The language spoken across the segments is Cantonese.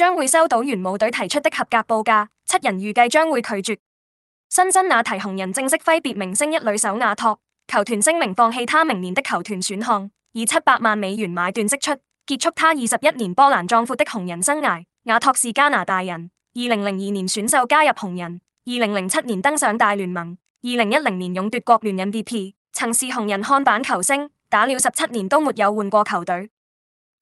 將會收到元武隊提出的合格報價，七人預計將會拒絕。辛辛那提紅人正式揮別明星一壘手亞托，球團聲明放棄他明年的球團選項，以七百萬美元買斷釋出，結束他二十一年波瀾壯闊的紅人生涯。亞托是加拿大人，二零零二年選秀加入紅人，二零零七年登上大聯盟，二零一零年勇奪國聯 MVP，曾是紅人看板球星，打了十七年都沒有換過球隊。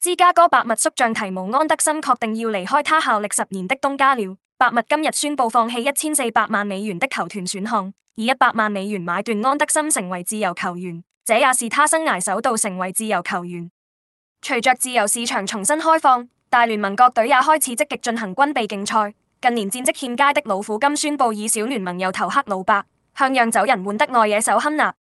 芝加哥白襪守將提姆安德森確定要離開他效力十年的東家了。白襪今日宣布放棄一千四百萬美元的球團選項，以一百萬美元買斷安德森成為自由球員，這也是他生涯首度成為自由球員。隨着自由市場重新開放，大聯盟各隊也開始積極進行軍備競賽。近年戰績欠佳的老虎今宣布以小聯盟右投黑老伯，向釀酒人換得外野手亨納。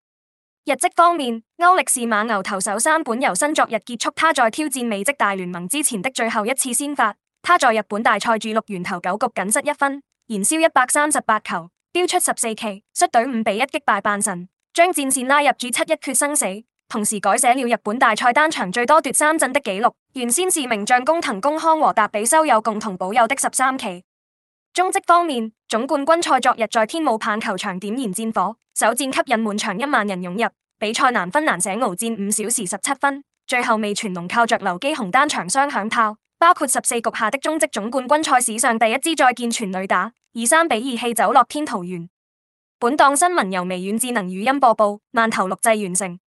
日職方面，歐力士猛牛投手山本由伸昨日結束他在挑戰美職大聯盟之前的最後一次先發。他在日本大賽 G6 完投九局，僅失一分，燃燒一百三十八球，飆出十四 K，率隊五比一擊敗阪神，將戰線拉入 G7 一決生死，同時改寫了日本大賽單場最多奪三振的紀錄，原先是名將工藤公康和達比修有共同保有的十三 K。中職方面，總冠軍賽昨日在天母棒球場點燃戰火，首戰吸引滿場一萬人湧入，比賽難分難捨，鏖戰五小時十七分，最後未全龍靠着劉基鴻單場雙響炮，包括十四局下的中職總冠軍賽史上第一支再見全壘打，二三比二氣走樂天桃園。本檔新聞由微軟智能語音播報，慢頭錄製完成。